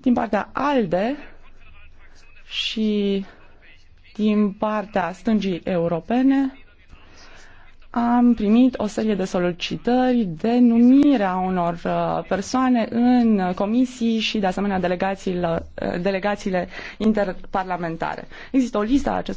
din partea ALDE și din partea stângii europene am primit o serie de solicitări de numirea unor uh, persoane în comisii și, de asemenea, delegațiile, uh, delegațiile interparlamentare. Există o listă a acestor